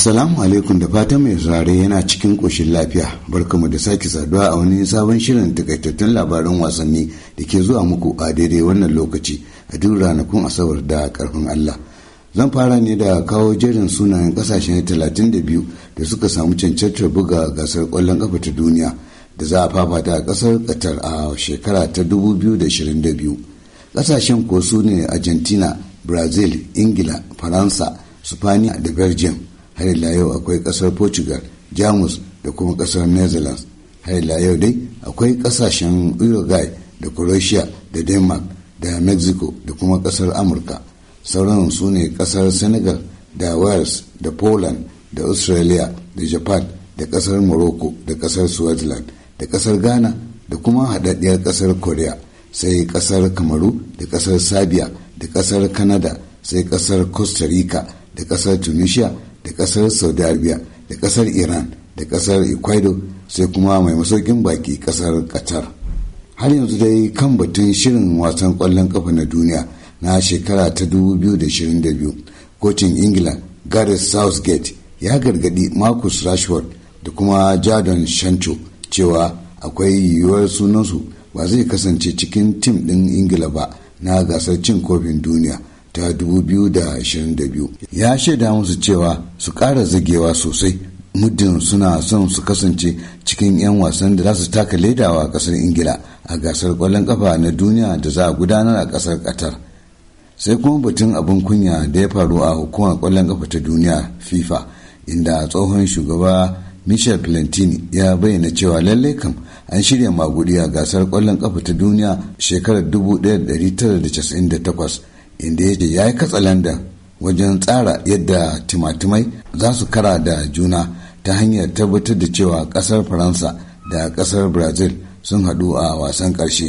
Assalamu alaikum da fatan mai zare yana cikin ƙoshin lafiya. Barkamu da sake saduwa a wani sabon shirin takaitattun labaran wasanni da ke zuwa muku a daidai wannan lokaci a duk ranakun Asabar da karfin Allah. Zan fara ne da kawo jerin sunayen ƙasashen 32 da suka samu cancantar buga gasar kwallon ƙafa ta duniya da za a fafata a ƙasar Qatar a shekara ta 2022. Ƙasashen ko su ne Argentina, Brazil, Ingila, Faransa, Spaniya da Belgium. har yau akwai kasar portugal jamus da kuma kasar netherlands har yau dai akwai kasashen uruguay da croatia da denmark da mexico da kuma kasar amurka sauran su ne kasar senegal da wales da poland da australia da japan da kasar morocco da kasar switzerland da kasar ghana da kuma haɗaɗɗiyar kasar korea sai kasar kamaru da kasar sabia da kasar canada sai kasar costa rica da kasar tunisia da kasar saudi arabia da kasar iran da kasar ecuador sai kuma mai masaukin baki kasar qatar har yanzu dai kan batun shirin wasan kwallon kafa na duniya na shekara ta 2022 kocin ingila gareth southgate ya gargadi marcus rashford da kuma jadon shancho cewa akwai yiwuwar sunansu ba zai kasance cikin tim ɗin ingila ba na gasar cin kofin duniya ta 2022 ya shaida musu cewa su ƙara zagewa sosai muddin suna son su kasance cikin 'yan wasan da za su taka ledawa a ƙasar ingila a gasar kwallon ƙafa na duniya da za a gudanar a ƙasar qatar sai kuma batun abin kunya da ya faru a hukumar ƙwallon ƙafa ta duniya fifa inda tsohon shugaba michel plantini ya bayyana cewa lallai kam an shirya magudi a gasar kwallon ƙafa ta duniya shekarar 1998 inda ya ce ya yi katsa landan wajen tsara yadda timatimai za su kara da juna ta hanyar tabbatar da cewa kasar faransa da kasar brazil sun hadu a wasan karshe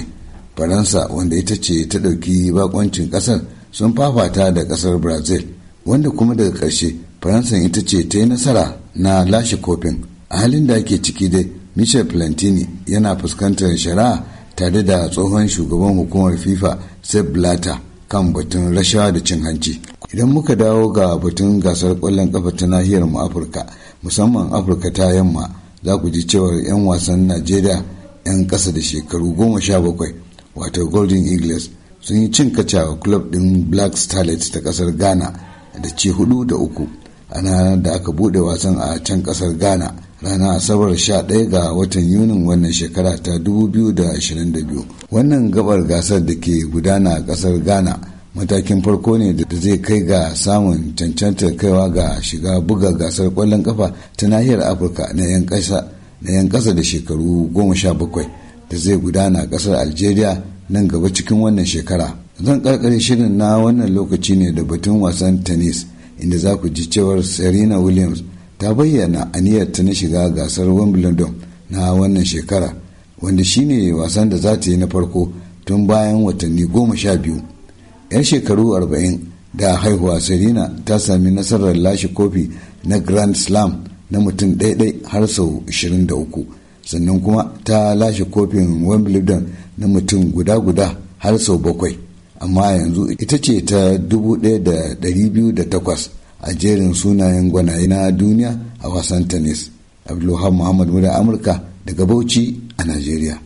faransa wanda ita ce ta ɗauki bakoncin kasar sun fafata da kasar brazil wanda kuma daga karshe faransa ita ce ta yi nasara na lashe kofin a halin da ake ciki dai michel plantini yana fuskantar shari'a tare da tsohon shugaban hukumar fifa sepp blatter kan batun rasha da cin hanci idan muka dawo ga batun gasar kwallon kafa ta nahiyar mu afirka musamman afirka ta yamma za ku ji cewar 'yan wasan najeriya 'yan kasa da shekaru goma sha bakwai wato golden eagles sun yi cin kaca kacawa club din black starlet ta kasar ghana da ci hudu da uku ana da aka bude wasan a can kasar ghana ranar asabar 11 ga watan yunin wannan shekara ta 2022 wannan gabar gasar da ke gudana a kasar ghana matakin farko ne da zai kai ga samun cancantar kaiwa ga shiga buga gasar kwallon kafa ta nahiyar afirka na 'yan kasa da shekaru 17 da zai gudana a kasar algeria nan gaba cikin wannan shekara zan karkare shirin na wannan lokaci ne da batun wasan tennis inda za ku ji cewar serena williams ta bayyana aniyarta na shiga gasar wimbledon na wannan shekara wanda shine wasan da za ta yi na farko tun bayan watanni goma sha biyu 'yan shekaru arba'in da haihuwa serena ta sami nasarar lashe kofi na grand slam na mutum ɗaiɗai har sau 23 sannan kuma ta lashe kofin wimbledon na mutum guda-guda har sau bakwai amma yanzu ita ce ta 1208 a jerin sunayen gwanaye na duniya a wasan tennis abdulluhan muhammad muda amurka daga bauchi a nigeria.